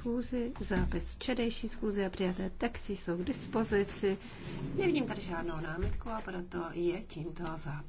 schůzi, zápis včerejší schůzi a přijaté texty jsou k dispozici. Nevidím tady žádnou námitku a proto je tímto zápis.